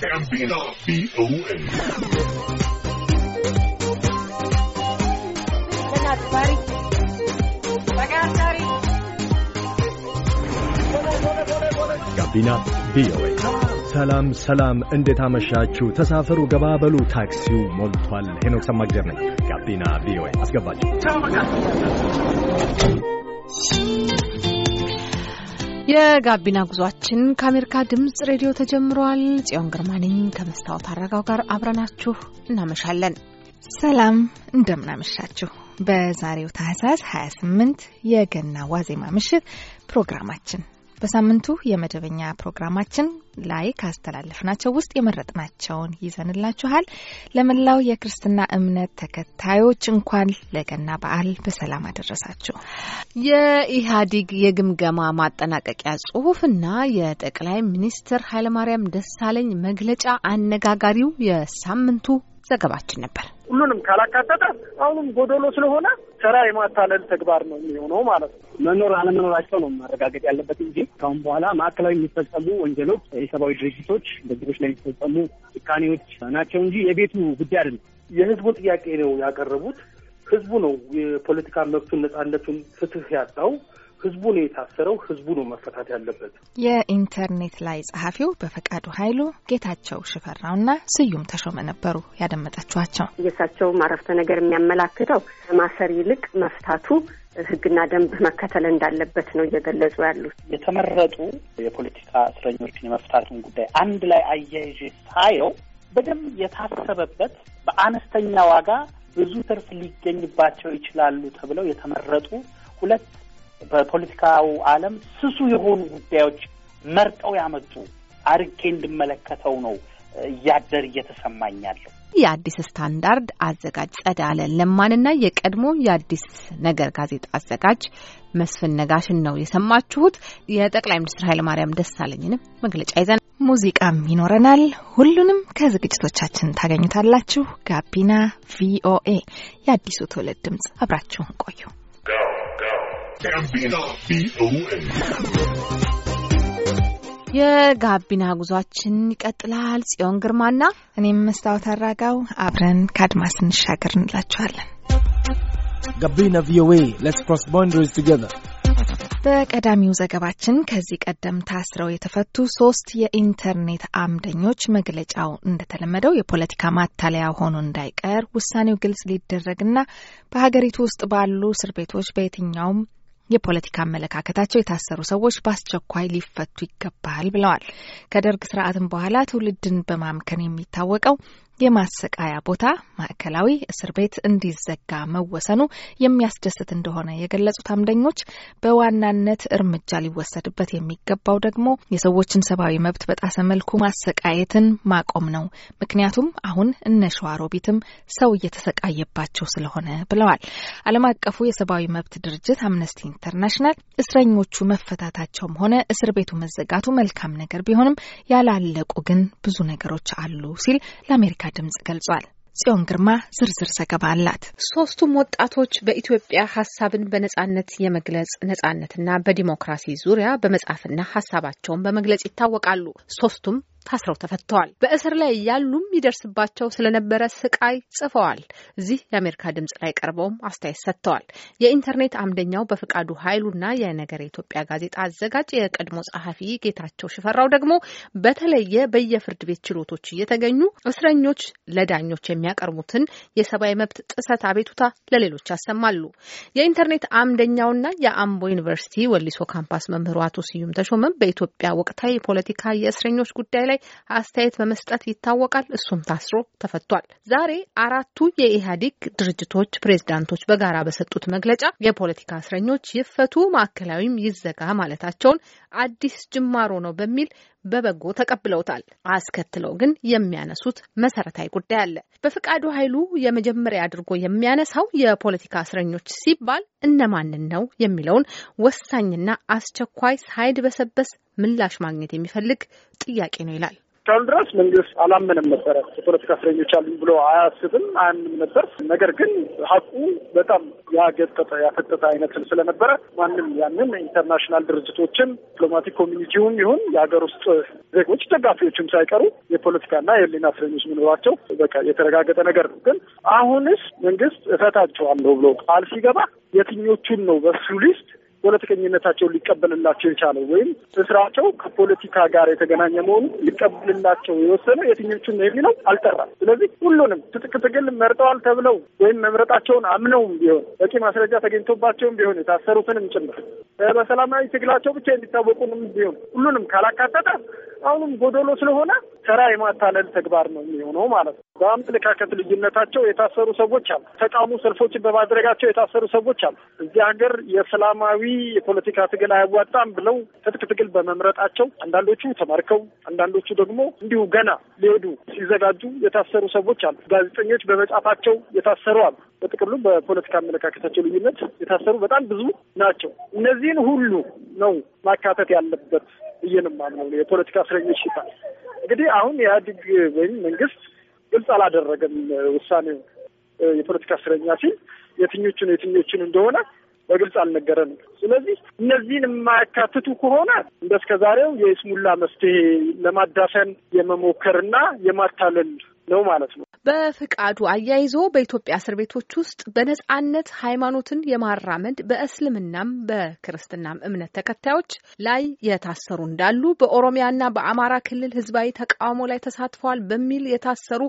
ጋቢና ቪኦኤ ጋቢና ቪኦኤ። ሰላም ሰላም፣ እንዴት አመሻችሁ? ተሳፈሩ፣ ገባበሉ፣ ታክሲው ሞልቷል። ሄኖክ ሰማግደር ነኝ። ጋቢና ቪኦኤ አስገባችሁ። የጋቢና ጉዟችን ከአሜሪካ ድምፅ ሬዲዮ ተጀምሯል። ጽዮን ግርማ ነኝ ከመስታወት አረጋው ጋር አብረናችሁ እናመሻለን። ሰላም እንደምናመሻችሁ። በዛሬው ታህሳስ 28 የገና ዋዜማ ምሽት ፕሮግራማችን በሳምንቱ የመደበኛ ፕሮግራማችን ላይ ካስተላለፍናቸው ውስጥ የመረጥናቸውን ይዘንላችኋል። ለመላው የክርስትና እምነት ተከታዮች እንኳን ለገና በዓል በሰላም አደረሳችሁ። የኢህአዴግ የግምገማ ማጠናቀቂያ ጽሁፍና የጠቅላይ ሚኒስትር ኃይለማርያም ደሳለኝ መግለጫ አነጋጋሪው የሳምንቱ ዘገባችን ነበር። ሁሉንም ካላካተተ አሁንም ጎደሎ ስለሆነ ስራ የማታለል ተግባር ነው የሚሆነው ማለት ነው። መኖር አለመኖራቸው ነው ማረጋገጥ ያለበት እንጂ ካሁን በኋላ ማዕከላዊ የሚፈጸሙ ወንጀሎች የሰብአዊ ድርጅቶች በዚች ላይ የሚፈጸሙ ጭካኔዎች ናቸው እንጂ የቤቱ ጉዳይ አይደለም። የህዝቡ ጥያቄ ነው ያቀረቡት። ህዝቡ ነው የፖለቲካ መብቱን፣ ነጻነቱን፣ ፍትህ ያጣው ህዝቡ ነው የታሰረው፣ ህዝቡ ነው መፈታት ያለበት። የኢንተርኔት ላይ ጸሐፊው በፈቃዱ ኃይሉ፣ ጌታቸው ሽፈራው እና ስዩም ተሾመ ነበሩ ያደመጣችኋቸው። የእሳቸውም አረፍተ ነገር የሚያመላክተው ማሰር ይልቅ መፍታቱ ህግና ደንብ መከተል እንዳለበት ነው እየገለጹ ያሉት። የተመረጡ የፖለቲካ እስረኞችን የመፍታቱን ጉዳይ አንድ ላይ አያይዤ ሳየው በደንብ የታሰበበት በአነስተኛ ዋጋ ብዙ ትርፍ ሊገኝባቸው ይችላሉ ተብለው የተመረጡ ሁለት በፖለቲካው ዓለም ስሱ የሆኑ ጉዳዮች መርጠው ያመጡ አርቄ እንድመለከተው ነው እያደር እየተሰማኝ ያለው። የአዲስ ስታንዳርድ አዘጋጅ ጸዳለ ለማንና የቀድሞ የአዲስ ነገር ጋዜጣ አዘጋጅ መስፍን ነጋሽን ነው የሰማችሁት። የጠቅላይ ሚኒስትር ኃይለማርያም ደሳለኝንም መግለጫ ይዘን ሙዚቃም ይኖረናል። ሁሉንም ከዝግጅቶቻችን ታገኙታላችሁ። ጋቢና ቪኦኤ፣ የአዲሱ ትውልድ ድምፅ። አብራችሁን ቆዩ። ጋቢና ቪኦኤ የጋቢና ጉዟችን ይቀጥላል። ጽዮን ግርማና እኔም መስታወት አራጋው አብረን ከአድማስ እንሻገር እንላችኋለን። ጋቢና ቪኦኤ ሌትስ ክሮስ ቦንደሪስ ቱጌዘር በቀዳሚው ዘገባችን ከዚህ ቀደም ታስረው የተፈቱ ሶስት የኢንተርኔት አምደኞች መግለጫው እንደተለመደው የፖለቲካ ማታለያ ሆኖ እንዳይቀር ውሳኔው ግልጽ ሊደረግና በሀገሪቱ ውስጥ ባሉ እስር ቤቶች በየትኛውም የፖለቲካ አመለካከታቸው የታሰሩ ሰዎች በአስቸኳይ ሊፈቱ ይገባል ብለዋል። ከደርግ ስርዓትም በኋላ ትውልድን በማምከን የሚታወቀው የማሰቃያ ቦታ ማዕከላዊ እስር ቤት እንዲዘጋ መወሰኑ የሚያስደስት እንደሆነ የገለጹት አምደኞች በዋናነት እርምጃ ሊወሰድበት የሚገባው ደግሞ የሰዎችን ሰብአዊ መብት በጣሰ መልኩ ማሰቃየትን ማቆም ነው። ምክንያቱም አሁን እነ ሸዋሮቢትም ሰው እየተሰቃየባቸው ስለሆነ ብለዋል። ዓለም አቀፉ የሰብአዊ መብት ድርጅት አምነስቲ ኢንተርናሽናል እስረኞቹ መፈታታቸውም ሆነ እስር ቤቱ መዘጋቱ መልካም ነገር ቢሆንም ያላለቁ ግን ብዙ ነገሮች አሉ ሲል ለአሜሪካ ድምጽ ገልጿል። ጽዮን ግርማ ዝርዝር ዘገባ አላት። ሶስቱም ወጣቶች በኢትዮጵያ ሀሳብን በነጻነት የመግለጽ ነጻነትና በዲሞክራሲ ዙሪያ በመጻፍና ሀሳባቸውን በመግለጽ ይታወቃሉ። ሶስቱም ታስረው ተፈተዋል። በእስር ላይ ያሉም ይደርስባቸው ስለነበረ ስቃይ ጽፈዋል። እዚህ የአሜሪካ ድምጽ ላይ ቀርበውም አስተያየት ሰጥተዋል። የኢንተርኔት አምደኛው በፍቃዱ ኃይሉና የነገር ኢትዮጵያ ጋዜጣ አዘጋጅ የቀድሞ ጸሐፊ ጌታቸው ሽፈራው ደግሞ በተለየ በየፍርድ ቤት ችሎቶች እየተገኙ እስረኞች ለዳኞች የሚያቀርቡትን የሰብአዊ መብት ጥሰት አቤቱታ ለሌሎች ያሰማሉ። የኢንተርኔት አምደኛውና የአምቦ ዩኒቨርሲቲ ወሊሶ ካምፓስ መምህሩ አቶ ስዩም ተሾመም በኢትዮጵያ ወቅታዊ ፖለቲካ የእስረኞች ጉዳይ ላይ ላይ አስተያየት በመስጠት ይታወቃል። እሱም ታስሮ ተፈቷል። ዛሬ አራቱ የኢህአዴግ ድርጅቶች ፕሬዝዳንቶች በጋራ በሰጡት መግለጫ የፖለቲካ እስረኞች ይፈቱ፣ ማዕከላዊም ይዘጋ ማለታቸውን አዲስ ጅማሮ ነው በሚል በበጎ ተቀብለውታል። አስከትለው ግን የሚያነሱት መሰረታዊ ጉዳይ አለ። በፍቃዱ ኃይሉ የመጀመሪያ አድርጎ የሚያነሳው የፖለቲካ እስረኞች ሲባል እነማንን ነው የሚለውን ወሳኝና አስቸኳይ ሳይድ በሰበስ ምላሽ ማግኘት የሚፈልግ ጥያቄ ነው ይላል። እስካሁን ድረስ መንግስት አላመነም ነበረ። የፖለቲካ እስረኞች አሉኝ ብሎ አያስብም፣ አያምንም ነበር። ነገር ግን ሀቁ በጣም ያገጠጠ ያፈጠጠ አይነትን ስለነበረ ማንም ያንን ኢንተርናሽናል ድርጅቶችም ዲፕሎማቲክ ኮሚኒቲውም ይሁን የሀገር ውስጥ ዜጎች ደጋፊዎችም ሳይቀሩ የፖለቲካና የህሊና እስረኞች መኖራቸው በቃ የተረጋገጠ ነገር ነው። ግን አሁንስ መንግስት እፈታቸዋለሁ ብሎ ቃል ሲገባ የትኞቹን ነው በሱ ሊስት ፖለቲከኝነታቸውን ሊቀበልላቸው የቻለው ወይም ስራቸው ከፖለቲካ ጋር የተገናኘ መሆኑ ሊቀበልላቸው የወሰነ የትኞቹን የሚለው አልጠራም። ስለዚህ ሁሉንም ትጥቅ ትግል መርጠዋል ተብለው ወይም መምረጣቸውን አምነውም ቢሆን በቂ ማስረጃ ተገኝቶባቸውም ቢሆን የታሰሩትንም ጭምር በሰላማዊ ትግላቸው ብቻ የሚታወቁንም ቢሆን ሁሉንም ካላካተተ አሁንም ጎዶሎ ስለሆነ ተራ የማታለል ተግባር ነው የሚሆነው ማለት ነው። በአመለካከት ልዩነታቸው የታሰሩ ሰዎች አሉ። ተቃውሞ ሰልፎችን በማድረጋቸው የታሰሩ ሰዎች አሉ። እዚህ ሀገር የሰላማዊ የፖለቲካ ትግል አያዋጣም ብለው ትጥቅ ትግል በመምረጣቸው አንዳንዶቹ ተማርከው፣ አንዳንዶቹ ደግሞ እንዲሁ ገና ሊሄዱ ሲዘጋጁ የታሰሩ ሰዎች አሉ። ጋዜጠኞች በመጻፋቸው የታሰሩ አሉ። በጥቅሉ በፖለቲካ አመለካከታቸው ልዩነት የታሰሩ በጣም ብዙ ናቸው። እነዚህን ሁሉ ነው ማካተት ያለበት። ብዬ ነው የፖለቲካ እስረኞች ይባል እንግዲህ አሁን ኢህአዴግ ወይም መንግስት ግልጽ አላደረገም ውሳኔው የፖለቲካ እስረኛ ሲል የትኞቹን የትኞቹን እንደሆነ በግልጽ አልነገረንም። ስለዚህ እነዚህን የማያካትቱ ከሆነ እንደ እስከ ዛሬው የይስሙላ መፍትሄ ለማዳፈን የመሞከርና የማታለል ነው ማለት ነው። በፍቃዱ አያይዞ በኢትዮጵያ እስር ቤቶች ውስጥ በነጻነት ሃይማኖትን የማራመድ በእስልምናም በክርስትናም እምነት ተከታዮች ላይ የታሰሩ እንዳሉ፣ በኦሮሚያና በአማራ ክልል ህዝባዊ ተቃውሞ ላይ ተሳትፈዋል በሚል የታሰሩ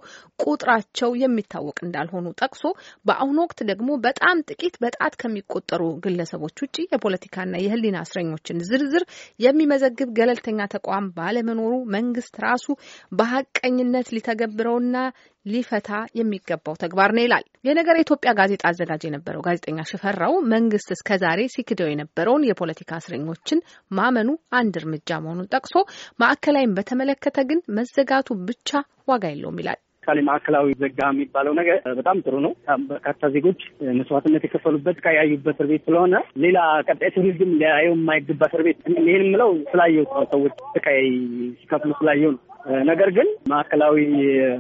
ቁጥራቸው የሚታወቅ እንዳልሆኑ ጠቅሶ በአሁኑ ወቅት ደግሞ በጣም ጥቂት በጣት ከሚቆጠሩ ግለሰቦች ውጭ የፖለቲካና የህሊና እስረኞችን ዝርዝር የሚመዘግብ ገለልተኛ ተቋም ባለመኖሩ መንግስት ራሱ በሀቀኝነት ሊተገብረው የሚገባውና ሊፈታ የሚገባው ተግባር ነው ይላል። የነገር የኢትዮጵያ ጋዜጣ አዘጋጅ የነበረው ጋዜጠኛ ሽፈራው መንግስት እስከዛሬ ሲክደው የነበረውን የፖለቲካ እስረኞችን ማመኑ አንድ እርምጃ መሆኑን ጠቅሶ ማዕከላዊን በተመለከተ ግን መዘጋቱ ብቻ ዋጋ የለውም ይላል። ምሳሌ ማዕከላዊ ዘጋ የሚባለው ነገር በጣም ጥሩ ነው። በርካታ ዜጎች መስዋዕትነት የከፈሉበት ከያዩበት እስር ቤት ስለሆነ ሌላ ቀጣይ ትውልድም ሊያየው የማይገባ እስር ቤት ይህን ምለው ስላየው ሰዎች ስቃይ ሲከፍሉ ስላየው ነው። ነገር ግን ማዕከላዊ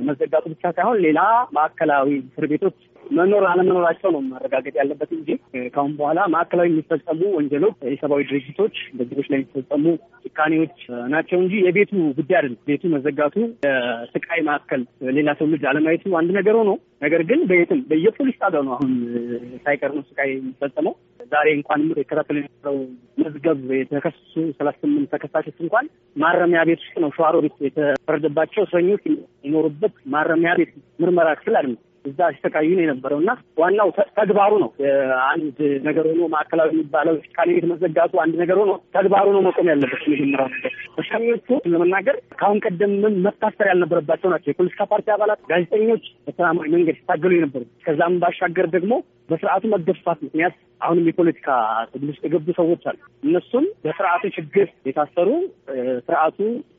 መዘጋቱ ብቻ ሳይሆን ሌላ ማዕከላዊ እስር ቤቶች መኖር አለመኖራቸው ነው ማረጋገጥ ያለበት እንጂ ከአሁን በኋላ ማዕከላዊ የሚፈጸሙ ወንጀሎች የሰብአዊ ድርጅቶች በዜጎች ላይ የሚፈጸሙ ጭካኔዎች ናቸው እንጂ የቤቱ ጉዳይ አይደለም። ቤቱ መዘጋቱ፣ ስቃይ ማዕከል ሌላ ሰው ልጅ አለማየቱ አንድ ነገር ሆኖ ነገር ግን በየትም በየፖሊስ ጣቢያው ነው አሁን ሳይቀር ነው ስቃይ የሚፈጸመው። ዛሬ እንኳን ምር የከታተል የነበረው መዝገብ የተከሱ ሰላሳ ስምንት ተከሳሾች እንኳን ማረሚያ ቤት ውስጥ ነው ቤት የተፈረደባቸው እስረኞች የሚኖሩበት ማረሚያ ቤት ምርመራ ክፍል አድነው እዛ አሽተቃዩ ነው የነበረው እና ዋናው ተግባሩ ነው አንድ ነገር ሆኖ ማዕከላዊ የሚባለው ሽካሊ ቤት መዘጋቱ አንድ ነገር ሆኖ ተግባሩ ነው መቆም ያለበት። መጀመሪያ ነበር ተሻሚዎቹ ለመናገር ከአሁን ቀደምም መታሰር ያልነበረባቸው ናቸው። የፖለቲካ ፓርቲ አባላት፣ ጋዜጠኞች በሰላማዊ መንገድ ሲታገሉ የነበሩ ከዛም ባሻገር ደግሞ በስርዓቱ መገፋት ምክንያት አሁንም የፖለቲካ ትግል ውስጥ የገቡ ሰዎች አሉ። እነሱም በስርዓቱ ችግር የታሰሩ ስርዓቱ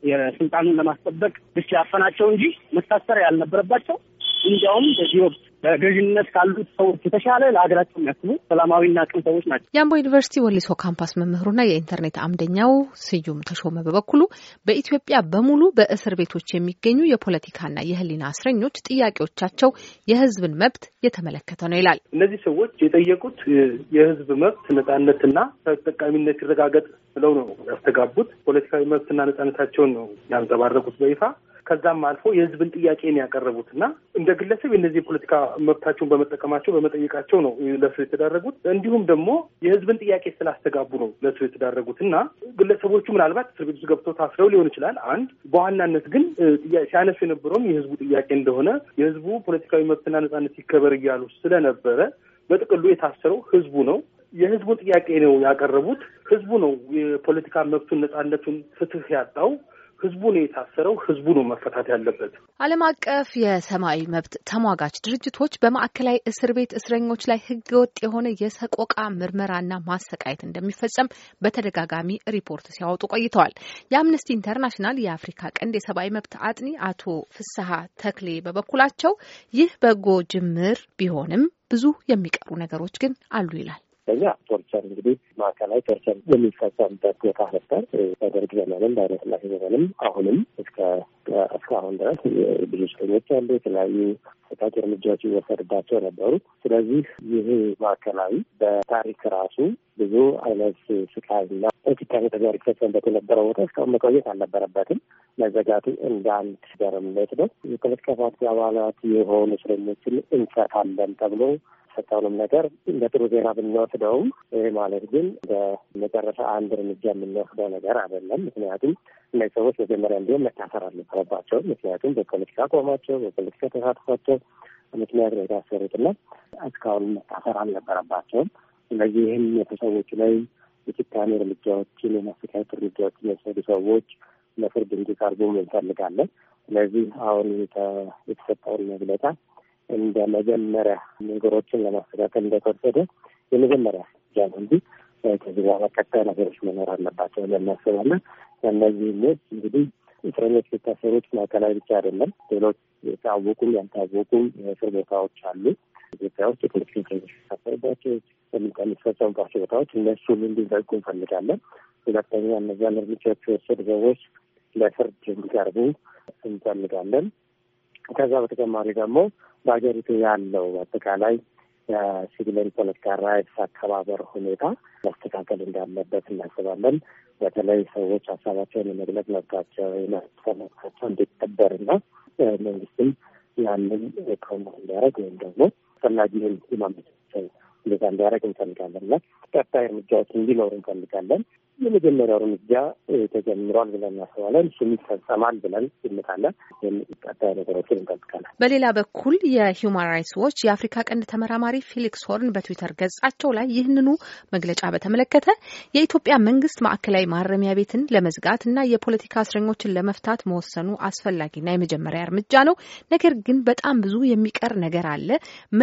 የስልጣኑን ለማስጠበቅ ብቻ ያፈናቸው እንጂ መታሰር ያልነበረባቸው እንዲያውም በዚህ ወቅት በገዥነት ካሉት ሰዎች የተሻለ ለሀገራቸው የሚያስቡ ሰላማዊና ቅን ሰዎች ናቸው። የአምቦ ዩኒቨርሲቲ ወሊሶ ካምፓስ መምህሩና የኢንተርኔት አምደኛው ስዩም ተሾመ በበኩሉ በኢትዮጵያ በሙሉ በእስር ቤቶች የሚገኙ የፖለቲካና የሕሊና እስረኞች ጥያቄዎቻቸው የሕዝብን መብት የተመለከተ ነው ይላል። እነዚህ ሰዎች የጠየቁት የሕዝብ መብት ነጻነትና ተጠቃሚነት ይረጋገጥ ብለው ነው ያስተጋቡት። ፖለቲካዊ መብትና ነጻነታቸውን ነው ያንጸባረቁት በይፋ ከዛም አልፎ የህዝብን ጥያቄ ነው ያቀረቡት እና እንደ ግለሰብ የነዚህ የፖለቲካ መብታቸውን በመጠቀማቸው በመጠየቃቸው ነው ለእስር የተዳረጉት። እንዲሁም ደግሞ የህዝብን ጥያቄ ስላስተጋቡ ነው ለእስር የተዳረጉት እና ግለሰቦቹ ምናልባት እስር ቤት ውስጥ ገብተው ታስረው ሊሆን ይችላል። አንድ በዋናነት ግን ሲያነሱ የነበረውም የህዝቡ ጥያቄ እንደሆነ የህዝቡ ፖለቲካዊ መብትና ነጻነት ይከበር እያሉ ስለነበረ በጥቅሉ የታሰረው ህዝቡ ነው። የህዝቡ ጥያቄ ነው ያቀረቡት። ህዝቡ ነው የፖለቲካ መብቱን ነጻነቱን ፍትህ ያጣው። ህዝቡ ነው የታሰረው፣ ህዝቡ ነው መፈታት ያለበት። ዓለም አቀፍ የሰብአዊ መብት ተሟጋች ድርጅቶች በማዕከላዊ እስር ቤት እስረኞች ላይ ህገወጥ የሆነ የሰቆቃ ምርመራና ማሰቃየት እንደሚፈጸም በተደጋጋሚ ሪፖርት ሲያወጡ ቆይተዋል። የአምነስቲ ኢንተርናሽናል የአፍሪካ ቀንድ የሰብአዊ መብት አጥኒ አቶ ፍስሀ ተክሌ በበኩላቸው ይህ በጎ ጅምር ቢሆንም ብዙ የሚቀሩ ነገሮች ግን አሉ ይላል። ሁለተኛ ቶርቸር እንግዲህ ማዕከላዊ ቶርቸር የሚፈጸምበት ቦታ ነበር። በደርግ ዘመንም ኃይለሥላሴ ዘመንም አሁንም እስከ እስካሁን ድረስ ብዙ እስረኞች አሉ። የተለያዩ አስፈላጊ እርምጃዎች ይወሰድባቸው ነበሩ። ስለዚህ ይሄ ማዕከላዊ በታሪክ ራሱ ብዙ አይነት ስቃይና ጭካኔ ተግባር ይፈጸምበት የነበረ ቦታ እስካሁን መቆየት አልነበረበትም። መዘጋቱ እንደ አንድ ገርምት ነው። የፖለቲካ ፓርቲ አባላት የሆኑ እስረኞችን እንፈታለን ተብሎ የተፈጠረውንም ነገር በጥሩ ዜና ብንወስደውም ይህ ማለት ግን በመጨረሻ አንድ እርምጃ የምንወስደው ነገር አይደለም። ምክንያቱም እነዚህ ሰዎች መጀመሪያ እንዲሆን መታሰር አልነበረባቸው። ምክንያቱም በፖለቲካ አቋማቸው፣ በፖለቲካ ተሳትፏቸው ምክንያት ነው የታሰሩትና እስካሁን መታሰር አልነበረባቸውም። ስለዚህ ይህም የተሰዎች ላይ የጭካኔ እርምጃዎችን የማስተካከት እርምጃዎችን የወሰዱ ሰዎች ለፍርድ እንዲቀርቡ እንፈልጋለን። ስለዚህ አሁን የተሰጠውን መግለጫ እንደ መጀመሪያ ነገሮችን ለማስተካከል እንደተወሰደ የመጀመሪያ ጃ እንጂ ከዚህ በኋላ ቀጣይ ነገሮች መኖር አለባቸው ለሚያስባለን እነዚህ ሞች እንግዲህ እስረኞች የታሰሩት ማዕከላዊ ብቻ አይደለም፣ ሌሎች የታወቁም ያልታወቁም የእስር ቦታዎች አሉ ኢትዮጵያ ውስጥ የፖለቲካ እስረኞች የታሰሩባቸው የሚፈጸሙባቸው ቦታዎች እነሱን እንዲዘጉ እንፈልጋለን። ሁለተኛ እነዚያን እርምጃዎች የወሰዱ ሰዎች ለፍርድ እንዲቀርቡ እንፈልጋለን። ከዛ በተጨማሪ ደግሞ በሀገሪቱ ያለው አጠቃላይ የሲቪልን ፖለቲካ ራይትስ አከባበር ሁኔታ መስተካከል እንዳለበት እናስባለን። በተለይ ሰዎች ሀሳባቸውን የመግለጽ መብታቸው የመሰ መብታቸው እንዲከበርና መንግስትም ያንን ኮሞ እንዲያደረግ ወይም ደግሞ አስፈላጊውን የማመቻቸው ሁኔታ እንዲያደረግ እንፈልጋለን እና ቀጣይ እርምጃዎች እንዲኖሩ እንፈልጋለን። የመጀመሪያው እርምጃ ተጀምሯል ብለን እናስባለን። እሱም ይፈጸማል ብለን ግምታለን። ቀጣይ ነገሮችን እንጠብቃለን። በሌላ በኩል የሂውማን ራይትስ ዎች የአፍሪካ ቀንድ ተመራማሪ ፊሊክስ ሆርን በትዊተር ገጻቸው ላይ ይህንኑ መግለጫ በተመለከተ የኢትዮጵያ መንግስት ማዕከላዊ ማረሚያ ቤትን ለመዝጋት እና የፖለቲካ እስረኞችን ለመፍታት መወሰኑ አስፈላጊና የመጀመሪያ እርምጃ ነው። ነገር ግን በጣም ብዙ የሚቀር ነገር አለ።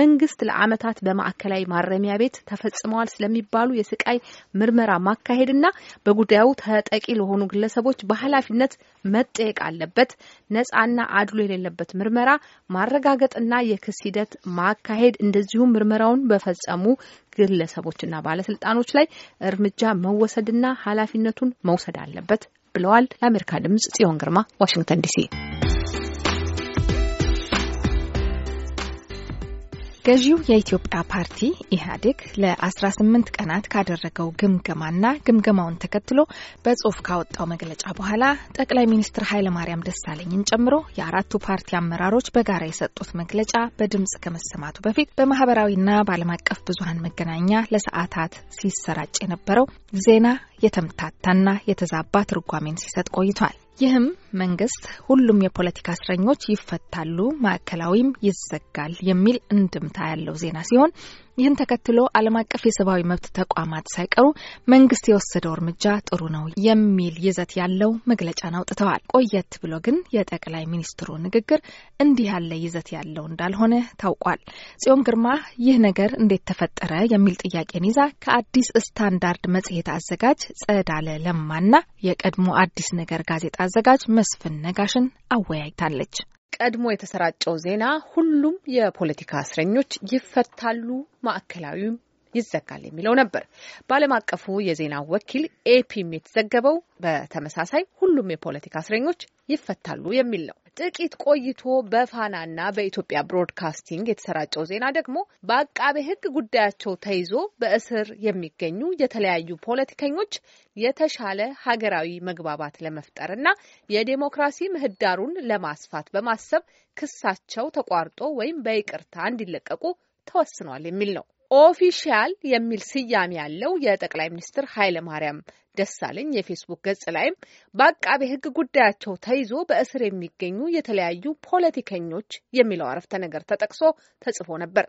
መንግስት ለዓመታት በማዕከላዊ ማረሚያ ቤት ተፈጽመዋል ስለሚባሉ የስቃይ ምርመራ ማካሄድና በጉዳዩ ተጠቂ ለሆኑ ግለሰቦች በኃላፊነት መጠየቅ አለበት። ነጻና አድሎ የሌለበት ምርመራ ማረጋገጥና የክስ ሂደት ማካሄድ እንደዚሁም ምርመራውን በፈጸሙ ግለሰቦችና ባለስልጣኖች ላይ እርምጃ መወሰድና ኃላፊነቱን መውሰድ አለበት ብለዋል። ለአሜሪካ ድምጽ ጽዮን ግርማ ዋሽንግተን ዲሲ ገዢው የኢትዮጵያ ፓርቲ ኢህአዴግ ለ18 ቀናት ካደረገው ግምገማና ግምገማውን ተከትሎ በጽሁፍ ካወጣው መግለጫ በኋላ ጠቅላይ ሚኒስትር ኃይለማርያም ደሳለኝን ጨምሮ የአራቱ ፓርቲ አመራሮች በጋራ የሰጡት መግለጫ በድምጽ ከመሰማቱ በፊት በማህበራዊና በዓለም አቀፍ ብዙሀን መገናኛ ለሰዓታት ሲሰራጭ የነበረው ዜና የተምታታና የተዛባ ትርጓሜን ሲሰጥ ቆይቷል። ይህም መንግስት ሁሉም የፖለቲካ እስረኞች ይፈታሉ፣ ማዕከላዊም ይዘጋል የሚል እንድምታ ያለው ዜና ሲሆን ይህን ተከትሎ ዓለም አቀፍ የሰብአዊ መብት ተቋማት ሳይቀሩ መንግስት የወሰደው እርምጃ ጥሩ ነው የሚል ይዘት ያለው መግለጫን አውጥተዋል። ቆየት ብሎ ግን የጠቅላይ ሚኒስትሩ ንግግር እንዲህ ያለ ይዘት ያለው እንዳልሆነ ታውቋል። ጽዮን ግርማ ይህ ነገር እንዴት ተፈጠረ የሚል ጥያቄን ይዛ ከአዲስ ስታንዳርድ መጽሔት አዘጋጅ ጸዳለ ለማና የቀድሞ አዲስ ነገር ጋዜጣ አዘጋጅ መስፍን ነጋሽን አወያይታለች። ቀድሞ የተሰራጨው ዜና ሁሉም የፖለቲካ እስረኞች ይፈታሉ፣ ማዕከላዊም ይዘጋል የሚለው ነበር። በዓለም አቀፉ የዜና ወኪል ኤፒም የተዘገበው በተመሳሳይ ሁሉም የፖለቲካ እስረኞች ይፈታሉ የሚል ነው። ጥቂት ቆይቶ በፋናና በኢትዮጵያ ብሮድካስቲንግ የተሰራጨው ዜና ደግሞ በአቃቤ ሕግ ጉዳያቸው ተይዞ በእስር የሚገኙ የተለያዩ ፖለቲከኞች የተሻለ ሀገራዊ መግባባት እና የዴሞክራሲ ምህዳሩን ለማስፋት በማሰብ ክሳቸው ተቋርጦ ወይም በይቅርታ እንዲለቀቁ ተወስኗል የሚል ነው። ኦፊሻል የሚል ስያሜ ያለው የጠቅላይ ሚኒስትር ኃይለ ማርያም ደሳለኝ የፌስቡክ ገጽ ላይም በአቃቤ ሕግ ጉዳያቸው ተይዞ በእስር የሚገኙ የተለያዩ ፖለቲከኞች የሚለው አረፍተ ነገር ተጠቅሶ ተጽፎ ነበር።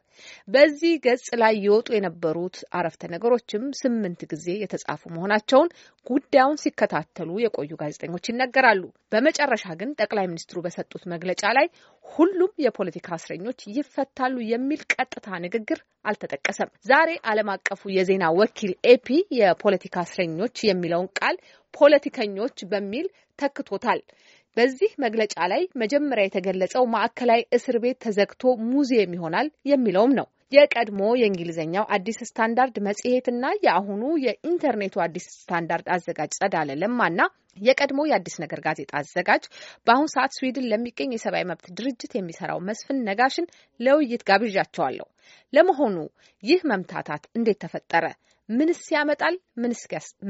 በዚህ ገጽ ላይ የወጡ የነበሩት አረፍተ ነገሮችም ስምንት ጊዜ የተጻፉ መሆናቸውን ጉዳዩን ሲከታተሉ የቆዩ ጋዜጠኞች ይነገራሉ። በመጨረሻ ግን ጠቅላይ ሚኒስትሩ በሰጡት መግለጫ ላይ ሁሉም የፖለቲካ እስረኞች ይፈታሉ የሚል ቀጥታ ንግግር አልተጠቀሰም። ዛሬ ዓለም አቀፉ የዜና ወኪል ኤፒ የፖለቲካ እስረኞች የሚለውን ቃል ፖለቲከኞች በሚል ተክቶታል። በዚህ መግለጫ ላይ መጀመሪያ የተገለጸው ማዕከላዊ እስር ቤት ተዘግቶ ሙዚየም ይሆናል የሚለውም ነው። የቀድሞ የእንግሊዝኛው አዲስ ስታንዳርድ መጽሔትና የአሁኑ የኢንተርኔቱ አዲስ ስታንዳርድ አዘጋጅ ጸዳለ ለማና የቀድሞ የአዲስ ነገር ጋዜጣ አዘጋጅ በአሁኑ ሰዓት ስዊድን ለሚገኝ የሰብአዊ መብት ድርጅት የሚሰራው መስፍን ነጋሽን ለውይይት ጋብዣቸዋለሁ። ለመሆኑ ይህ መምታታት እንዴት ተፈጠረ? ምንስ ያመጣል?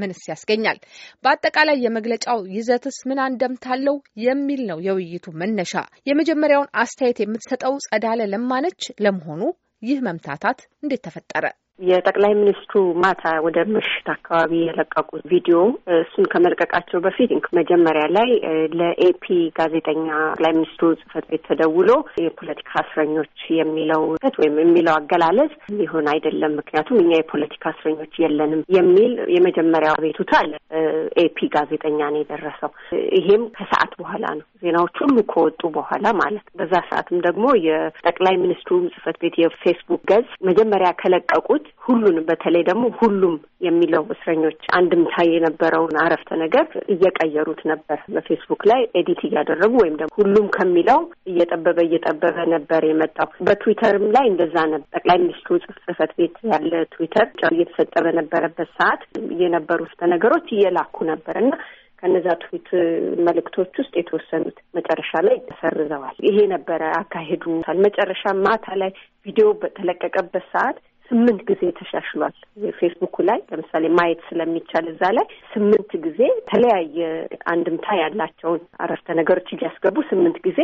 ምንስ ያስገኛል? በአጠቃላይ የመግለጫው ይዘትስ ምን አንደምታለው የሚል ነው የውይይቱ መነሻ። የመጀመሪያውን አስተያየት የምትሰጠው ጸዳለ ለማነች። ለመሆኑ ይህ መምታታት እንዴት ተፈጠረ? የጠቅላይ ሚኒስትሩ ማታ ወደ ምሽት አካባቢ የለቀቁት ቪዲዮ እሱን ከመልቀቃቸው በፊት መጀመሪያ ላይ ለኤፒ ጋዜጠኛ ጠቅላይ ሚኒስትሩ ጽፈት ቤት ተደውሎ የፖለቲካ እስረኞች የሚለው ወይም የሚለው አገላለጽ ሊሆን አይደለም፣ ምክንያቱም እኛ የፖለቲካ እስረኞች የለንም የሚል የመጀመሪያ ቤቱታ አለ። ኤፒ ጋዜጠኛ ነው የደረሰው። ይሄም ከሰዓት በኋላ ነው፣ ዜናዎች ሁሉ ከወጡ በኋላ ማለት። በዛ ሰዓትም ደግሞ የጠቅላይ ሚኒስትሩ ጽሕፈት ቤት የፌስቡክ ገጽ መጀመሪያ ከለቀቁት ሁሉንም በተለይ ደግሞ ሁሉም የሚለው እስረኞች አንድምታ የነበረውን አረፍተ ነገር እየቀየሩት ነበር። በፌስቡክ ላይ ኤዲት እያደረጉ ወይም ደግሞ ሁሉም ከሚለው እየጠበበ እየጠበበ ነበር የመጣው። በትዊተርም ላይ እንደዛ ነበር። ጠቅላይ ሚኒስትሩ ጽሕፈት ቤት ያለ ትዊተር እየተሰጠ በነበረበት ሰዓት የነበሩ ነገሮች እየላኩ ነበር እና ከነዛ ትዊት መልእክቶች ውስጥ የተወሰኑት መጨረሻ ላይ ተሰርዘዋል። ይሄ ነበረ አካሄዱ። መጨረሻ ማታ ላይ ቪዲዮ በተለቀቀበት ሰዓት ስምንት ጊዜ ተሻሽሏል። ፌስቡኩ ላይ ለምሳሌ ማየት ስለሚቻል እዛ ላይ ስምንት ጊዜ የተለያየ አንድምታ ያላቸውን አረፍተ ነገሮች እያስገቡ ስምንት ጊዜ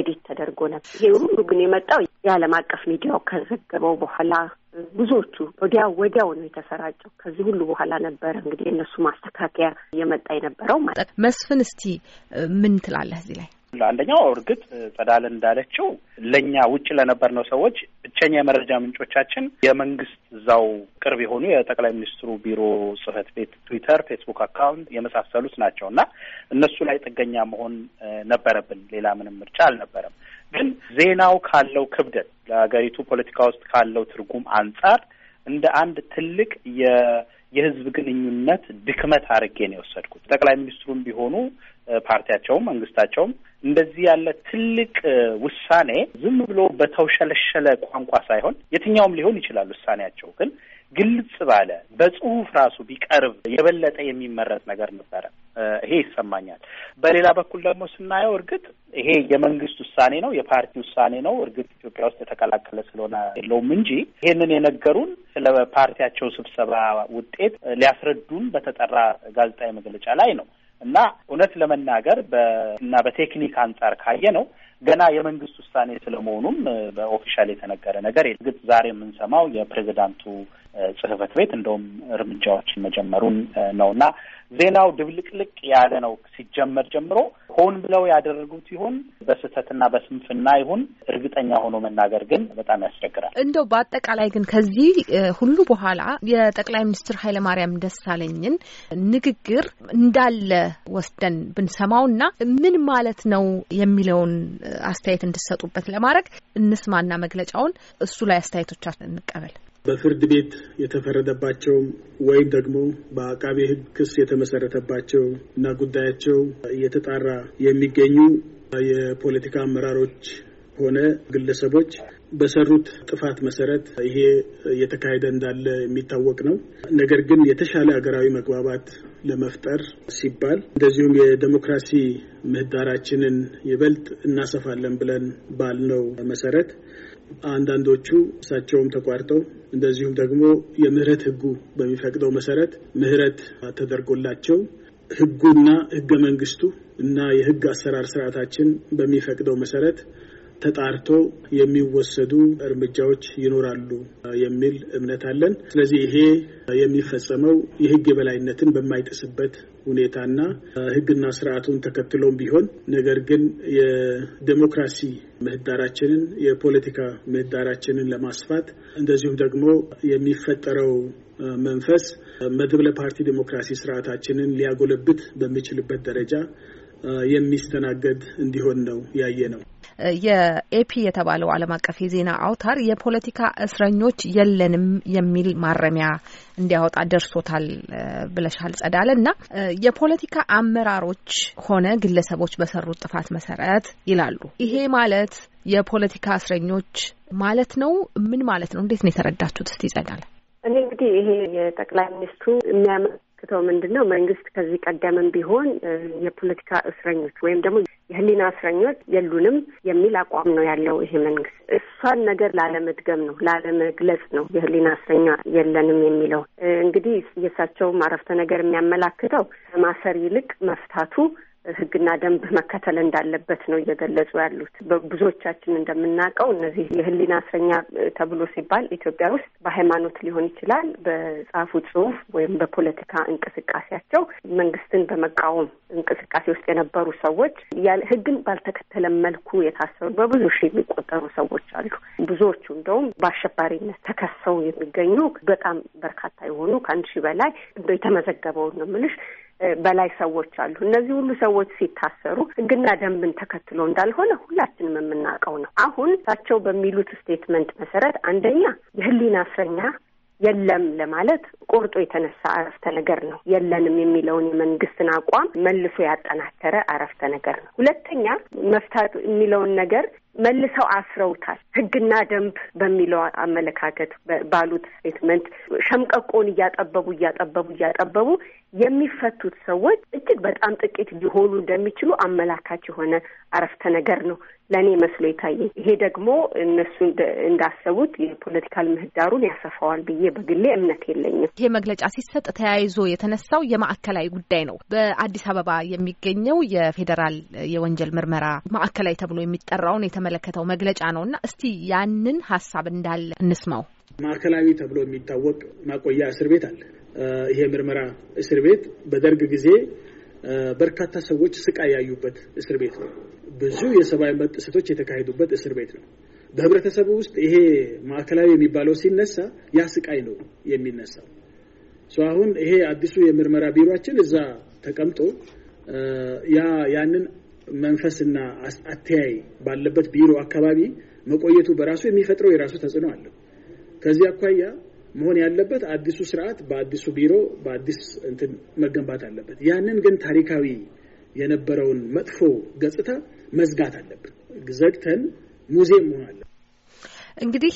ኤዲት ተደርጎ ነበር። ይሄ ሁሉ ግን የመጣው የዓለም አቀፍ ሚዲያው ከዘገበው በኋላ ብዙዎቹ ወዲያ ወዲያው ነው የተሰራጨው። ከዚህ ሁሉ በኋላ ነበረ እንግዲህ የእነሱ ማስተካከያ እየመጣ የነበረው ማለት መስፍን፣ እስቲ ምን ትላለህ እዚህ ላይ? አንደኛው እርግጥ ጸዳል እንዳለችው ለእኛ ውጭ ለነበርነው ሰዎች ብቸኛ የመረጃ ምንጮቻችን የመንግስት እዛው ቅርብ የሆኑ የጠቅላይ ሚኒስትሩ ቢሮ ጽህፈት ቤት ትዊተር፣ ፌስቡክ አካውንት የመሳሰሉት ናቸው እና እነሱ ላይ ጥገኛ መሆን ነበረብን። ሌላ ምንም ምርጫ አልነበረም። ግን ዜናው ካለው ክብደት ለሀገሪቱ ፖለቲካ ውስጥ ካለው ትርጉም አንጻር እንደ አንድ ትልቅ የህዝብ ግንኙነት ድክመት አድርጌ ነው የወሰድኩት። ጠቅላይ ሚኒስትሩም ቢሆኑ ፓርቲያቸውም መንግስታቸውም እንደዚህ ያለ ትልቅ ውሳኔ ዝም ብሎ በተውሸለሸለ ቋንቋ ሳይሆን የትኛውም ሊሆን ይችላል። ውሳኔያቸው ግን ግልጽ ባለ በጽሁፍ ራሱ ቢቀርብ የበለጠ የሚመረጥ ነገር ነበረ። ይሄ ይሰማኛል። በሌላ በኩል ደግሞ ስናየው እርግጥ ይሄ የመንግስት ውሳኔ ነው፣ የፓርቲ ውሳኔ ነው። እርግጥ ኢትዮጵያ ውስጥ የተቀላቀለ ስለሆነ የለውም እንጂ ይሄንን የነገሩን ስለ ፓርቲያቸው ስብሰባ ውጤት ሊያስረዱን በተጠራ ጋዜጣዊ መግለጫ ላይ ነው። እና እውነት ለመናገር እና በቴክኒክ አንጻር ካየ ነው ገና የመንግስት ውሳኔ ስለመሆኑም በኦፊሻል የተነገረ ነገር እርግጥ ዛሬ የምንሰማው የፕሬዚዳንቱ ጽህፈት ቤት እንደውም እርምጃዎችን መጀመሩን ነው እና ዜናው ድብልቅልቅ ያለ ነው። ሲጀመር ጀምሮ ሆን ብለው ያደረጉት ይሁን በስህተትና በስንፍና ይሁን እርግጠኛ ሆኖ መናገር ግን በጣም ያስቸግራል። እንደው በአጠቃላይ ግን ከዚህ ሁሉ በኋላ የጠቅላይ ሚኒስትር ኃይለማርያም ደሳለኝን ንግግር እንዳለ ወስደን ብንሰማውና ምን ማለት ነው የሚለውን አስተያየት እንድሰጡበት ለማድረግ እንስማና መግለጫውን እሱ ላይ አስተያየቶቻችን እንቀበል። በፍርድ ቤት የተፈረደባቸው ወይም ደግሞ በአቃቤ ሕግ ክስ የተመሰረተባቸው እና ጉዳያቸው እየተጣራ የሚገኙ የፖለቲካ አመራሮች ሆነ ግለሰቦች በሰሩት ጥፋት መሰረት ይሄ እየተካሄደ እንዳለ የሚታወቅ ነው። ነገር ግን የተሻለ ሀገራዊ መግባባት ለመፍጠር ሲባል እንደዚሁም የዴሞክራሲ ምህዳራችንን ይበልጥ እናሰፋለን ብለን ባልነው መሰረት አንዳንዶቹ እሳቸውም ተቋርጠው እንደዚሁም ደግሞ የምህረት ህጉ በሚፈቅደው መሰረት ምህረት ተደርጎላቸው ህጉና ህገ መንግስቱ እና የህግ አሰራር ስርዓታችን በሚፈቅደው መሰረት ተጣርቶ የሚወሰዱ እርምጃዎች ይኖራሉ የሚል እምነት አለን። ስለዚህ ይሄ የሚፈጸመው የህግ የበላይነትን በማይጥስበት ሁኔታና ህግና ስርዓቱን ተከትሎም ቢሆን ነገር ግን የዴሞክራሲ ምህዳራችንን የፖለቲካ ምህዳራችንን ለማስፋት እንደዚሁም ደግሞ የሚፈጠረው መንፈስ መድብለ ፓርቲ ዴሞክራሲ ስርዓታችንን ሊያጎለብት በሚችልበት ደረጃ የሚስተናገድ እንዲሆን ነው ያየ ነው። የኤፒ የተባለው ዓለም አቀፍ የዜና አውታር የፖለቲካ እስረኞች የለንም የሚል ማረሚያ እንዲያወጣ ደርሶታል ብለሻል ጸዳለ። እና የፖለቲካ አመራሮች ሆነ ግለሰቦች በሰሩት ጥፋት መሰረት ይላሉ። ይሄ ማለት የፖለቲካ እስረኞች ማለት ነው? ምን ማለት ነው? እንዴት ነው የተረዳችሁት? እስቲ ጸዳለ። እኔ እንግዲህ ይሄ የጠቅላይ ሚኒስትሩ የሚያመ ትተው ምንድን ነው መንግስት ከዚህ ቀደምም ቢሆን የፖለቲካ እስረኞች ወይም ደግሞ የህሊና እስረኞች የሉንም የሚል አቋም ነው ያለው ይሄ መንግስት። እሷን ነገር ላለመድገም ነው ላለመግለጽ ነው የህሊና እስረኛ የለንም የሚለው። እንግዲህ የእሳቸውም አረፍተ ነገር የሚያመላክተው ከማሰር ይልቅ መፍታቱ ህግና ደንብ መከተል እንዳለበት ነው እየገለጹ ያሉት። ብዙዎቻችን እንደምናውቀው እነዚህ የህሊና እስረኛ ተብሎ ሲባል ኢትዮጵያ ውስጥ በሃይማኖት ሊሆን ይችላል፣ በጻፉ ጽሁፍ ወይም በፖለቲካ እንቅስቃሴያቸው መንግስትን በመቃወም እንቅስቃሴ ውስጥ የነበሩ ሰዎች ያለ ባልተከተለ መልኩ የታሰሩ በብዙ ሺህ የሚቆጠሩ ሰዎች አሉ። ብዙዎቹ እንደውም በአሸባሪነት ተከሰው የሚገኙ በጣም በርካታ የሆኑ ከአንድ ሺህ በላይ እንደ የተመዘገበውን ነው የምልሽ በላይ ሰዎች አሉ። እነዚህ ሁሉ ሰዎች ሲታሰሩ ህግና ደንብን ተከትሎ እንዳልሆነ ሁላችንም የምናውቀው ነው። አሁን እሳቸው በሚሉት ስቴትመንት መሰረት አንደኛ የህሊና እስረኛ የለም ለማለት ቆርጦ የተነሳ አረፍተ ነገር ነው። የለንም የሚለውን የመንግስትን አቋም መልሶ ያጠናከረ አረፍተ ነገር ነው። ሁለተኛ መፍታት የሚለውን ነገር መልሰው አስረውታል። ህግና ደንብ በሚለው አመለካከት ባሉት ስቴትመንት ሸምቀቆን እያጠበቡ እያጠበቡ እያጠበቡ የሚፈቱት ሰዎች እጅግ በጣም ጥቂት ሊሆኑ እንደሚችሉ አመላካች የሆነ አረፍተ ነገር ነው ለእኔ መስሎ የታየኝ። ይሄ ደግሞ እነሱ እንዳሰቡት የፖለቲካል ምህዳሩን ያሰፋዋል ብዬ በግሌ እምነት የለኝም። ይሄ መግለጫ ሲሰጥ ተያይዞ የተነሳው የማዕከላዊ ጉዳይ ነው። በአዲስ አበባ የሚገኘው የፌዴራል የወንጀል ምርመራ ማዕከላዊ ተብሎ የሚጠራውን የሚያመለከተው መግለጫ ነው እና እስቲ ያንን ሀሳብ እንዳለ እንስማው። ማዕከላዊ ተብሎ የሚታወቅ ማቆያ እስር ቤት አለ። ይሄ ምርመራ እስር ቤት በደርግ ጊዜ በርካታ ሰዎች ስቃይ ያዩበት እስር ቤት ነው። ብዙ የሰብአዊ መብት ጥሰቶች የተካሄዱበት እስር ቤት ነው። በህብረተሰቡ ውስጥ ይሄ ማዕከላዊ የሚባለው ሲነሳ ያ ስቃይ ነው የሚነሳው። አሁን ይሄ አዲሱ የምርመራ ቢሮችን እዛ ተቀምጦ ያንን መንፈስና አተያይ ባለበት ቢሮ አካባቢ መቆየቱ በራሱ የሚፈጥረው የራሱ ተጽዕኖ አለው። ከዚህ አኳያ መሆን ያለበት አዲሱ ስርዓት በአዲሱ ቢሮ በአዲስ እንትን መገንባት አለበት። ያንን ግን ታሪካዊ የነበረውን መጥፎ ገጽታ መዝጋት አለብን። ዘግተን ሙዚየም መሆን አለ። እንግዲህ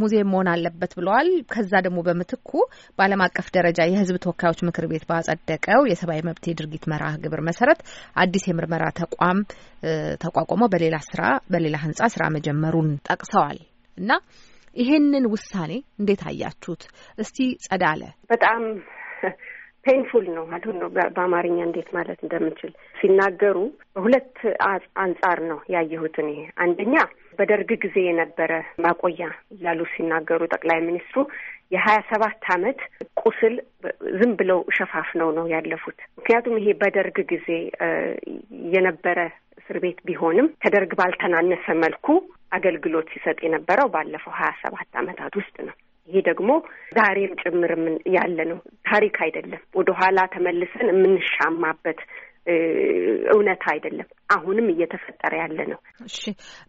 ሙዚየም መሆን አለበት ብለዋል። ከዛ ደግሞ በምትኩ በዓለም አቀፍ ደረጃ የህዝብ ተወካዮች ምክር ቤት ባጸደቀው የሰብአዊ መብት የድርጊት መርሃ ግብር መሰረት አዲስ የምርመራ ተቋም ተቋቁሞ በሌላ ስራ በሌላ ህንጻ ስራ መጀመሩን ጠቅሰዋል እና ይሄንን ውሳኔ እንዴት አያችሁት? እስቲ ጸዳለ በጣም ፔንፉል ነው ማለት ነው። በአማርኛ እንዴት ማለት እንደምችል ሲናገሩ በሁለት አንጻር ነው ያየሁት እኔ። አንደኛ በደርግ ጊዜ የነበረ ማቆያ እያሉ ሲናገሩ ጠቅላይ ሚኒስትሩ የሀያ ሰባት አመት ቁስል ዝም ብለው ሸፋፍነው ነው ያለፉት። ምክንያቱም ይሄ በደርግ ጊዜ የነበረ እስር ቤት ቢሆንም ከደርግ ባልተናነሰ መልኩ አገልግሎት ሲሰጥ የነበረው ባለፈው ሀያ ሰባት አመታት ውስጥ ነው። ይሄ ደግሞ ዛሬም ጭምር ያለ ነው። ታሪክ አይደለም። ወደኋላ ተመልሰን የምንሻማበት እውነት አይደለም። አሁንም እየተፈጠረ ያለ ነው። እሺ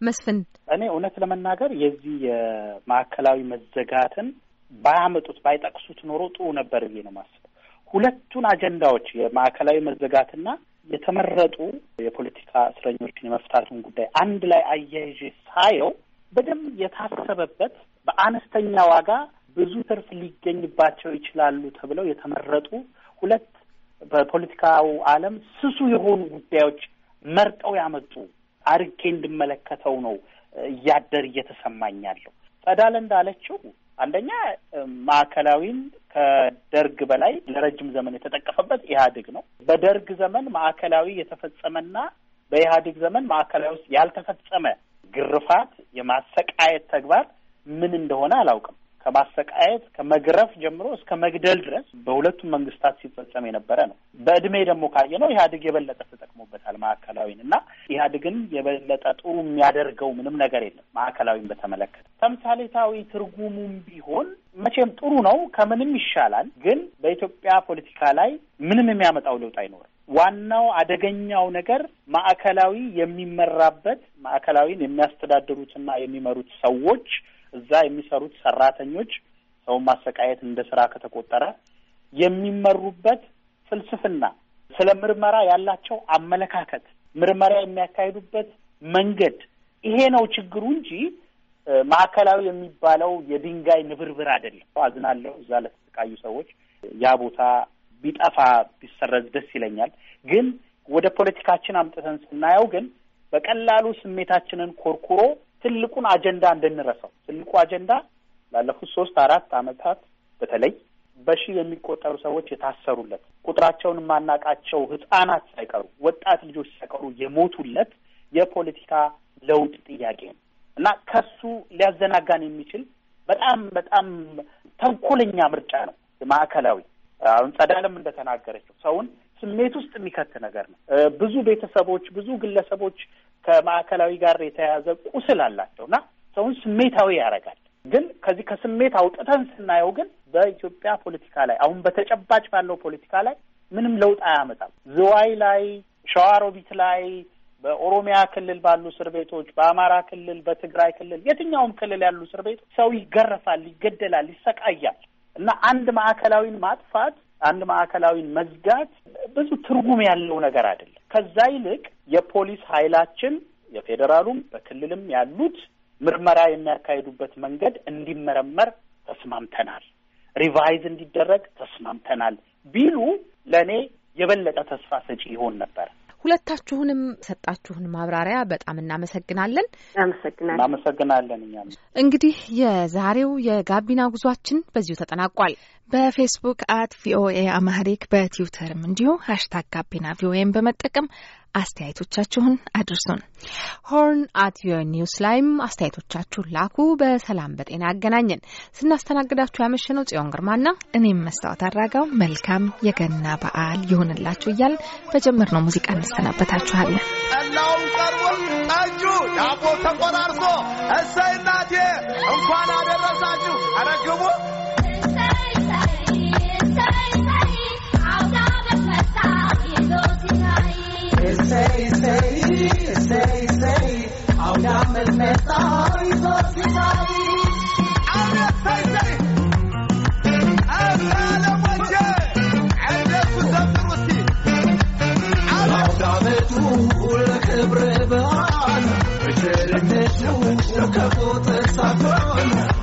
መስፍን፣ እኔ እውነት ለመናገር የዚህ የማዕከላዊ መዘጋትን ባያመጡት ባይጠቅሱት ኖሮ ጥሩ ነበር ብዬ ነው የማስበው። ሁለቱን አጀንዳዎች የማዕከላዊ መዘጋትና የተመረጡ የፖለቲካ እስረኞችን የመፍታቱን ጉዳይ አንድ ላይ አያይዤ ሳየው በደንብ የታሰበበት በአነስተኛ ዋጋ ብዙ ትርፍ ሊገኝባቸው ይችላሉ ተብለው የተመረጡ ሁለት በፖለቲካው ዓለም ስሱ የሆኑ ጉዳዮች መርጠው ያመጡ አርጌ እንድመለከተው ነው እያደር እየተሰማኝ ያለው። ጸዳለ እንዳለችው አንደኛ ማዕከላዊን ከደርግ በላይ ለረጅም ዘመን የተጠቀፈበት ኢህአዴግ ነው። በደርግ ዘመን ማዕከላዊ የተፈጸመና በኢህአዴግ ዘመን ማዕከላዊ ውስጥ ያልተፈጸመ ግርፋት፣ የማሰቃየት ተግባር ምን እንደሆነ አላውቅም። ከማሰቃየት ከመግረፍ ጀምሮ እስከ መግደል ድረስ በሁለቱም መንግስታት ሲፈጸም የነበረ ነው። በእድሜ ደግሞ ካየ ነው ኢህአዴግ የበለጠ ተጠቅሞበታል ማዕከላዊን እና ኢህአዴግን የበለጠ ጥሩ የሚያደርገው ምንም ነገር የለም። ማዕከላዊን በተመለከተ ተምሳሌታዊ ትርጉሙም ቢሆን መቼም ጥሩ ነው፣ ከምንም ይሻላል። ግን በኢትዮጵያ ፖለቲካ ላይ ምንም የሚያመጣው ለውጥ አይኖርም። ዋናው አደገኛው ነገር ማዕከላዊ የሚመራበት ማዕከላዊን የሚያስተዳድሩትና የሚመሩት ሰዎች እዛ የሚሰሩት ሰራተኞች ሰውን ማሰቃየት እንደ ስራ ከተቆጠረ የሚመሩበት ፍልስፍና፣ ስለ ምርመራ ያላቸው አመለካከት፣ ምርመራ የሚያካሂዱበት መንገድ ይሄ ነው ችግሩ እንጂ ማዕከላዊ የሚባለው የድንጋይ ንብርብር አይደለም። አዝናለሁ እዛ ለተሰቃዩ ሰዎች። ያ ቦታ ቢጠፋ ቢሰረዝ ደስ ይለኛል። ግን ወደ ፖለቲካችን አምጥተን ስናየው ግን በቀላሉ ስሜታችንን ኮርኩሮ ትልቁን አጀንዳ እንድንረሳው። ትልቁ አጀንዳ ላለፉት ሶስት አራት አመታት በተለይ በሺ የሚቆጠሩ ሰዎች የታሰሩለት ቁጥራቸውን የማናቃቸው ህጻናት ሳይቀሩ ወጣት ልጆች ሳይቀሩ የሞቱለት የፖለቲካ ለውጥ ጥያቄ ነው እና ከሱ ሊያዘናጋን የሚችል በጣም በጣም ተንኮለኛ ምርጫ ነው። ማዕከላዊ አሁን ጸዳለም እንደተናገረችው ሰውን ስሜት ውስጥ የሚከት ነገር ነው። ብዙ ቤተሰቦች፣ ብዙ ግለሰቦች ከማዕከላዊ ጋር የተያያዘ ቁስል አላቸው እና ሰውን ስሜታዊ ያደርጋል። ግን ከዚህ ከስሜት አውጥተን ስናየው ግን በኢትዮጵያ ፖለቲካ ላይ አሁን በተጨባጭ ባለው ፖለቲካ ላይ ምንም ለውጥ አያመጣም። ዝዋይ ላይ፣ ሸዋሮቢት ላይ፣ በኦሮሚያ ክልል ባሉ እስር ቤቶች፣ በአማራ ክልል፣ በትግራይ ክልል፣ የትኛውም ክልል ያሉ እስር ቤቶች ሰው ይገረፋል፣ ይገደላል፣ ይሰቃያል እና አንድ ማዕከላዊን ማጥፋት አንድ ማዕከላዊን መዝጋት ብዙ ትርጉም ያለው ነገር አይደለም። ከዛ ይልቅ የፖሊስ ኃይላችን የፌዴራሉም በክልልም ያሉት ምርመራ የሚያካሂዱበት መንገድ እንዲመረመር ተስማምተናል፣ ሪቫይዝ እንዲደረግ ተስማምተናል ቢሉ ለእኔ የበለጠ ተስፋ ሰጪ ይሆን ነበር። ሁለታችሁንም ሰጣችሁን ማብራሪያ በጣም እናመሰግናለን። እናመሰግናለን እናመሰግናለን እንግዲህ የዛሬው የጋቢና ጉዟችን በዚሁ ተጠናቋል። በፌስቡክ አት ቪኦኤ አማህሪክ በትዊተርም እንዲሁ ሀሽታግ ጋቢና ቪኦኤም በመጠቀም አስተያየቶቻችሁን አድርሱን። ሆርን አት ኒውስ ላይም አስተያየቶቻችሁን ላኩ። በሰላም በጤና ያገናኘን። ስናስተናግዳችሁ ያመሸነው ጽዮን ግርማና እኔም መስታወት አድራጋው መልካም የገና በዓል ይሆንላችሁ እያል ነው ሙዚቃ እንሰናበታችኋለን። ጠላውም ቀርቦ ጠጁ ዳቦ ተቆራርሶ እሰይ እናቴ እንኳን አደረሳችሁ አረግቡ Stay, stay, stay, stay. Audiamo il metallo, i blocchi tagli. Audiamo, stay, stay. Thank you.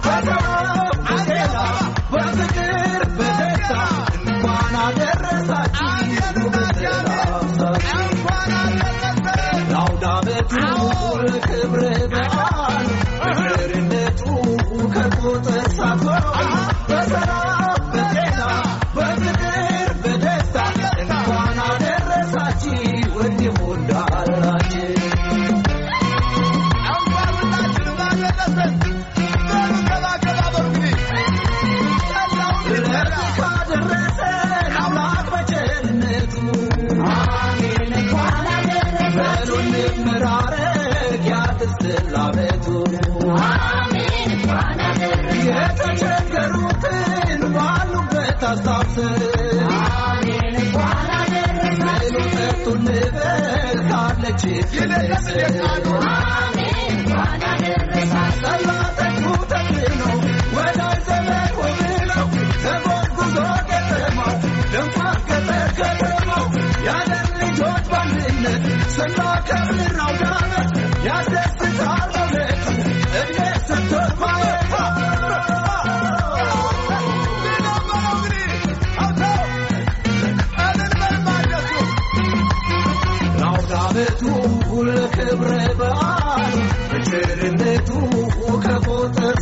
Now Send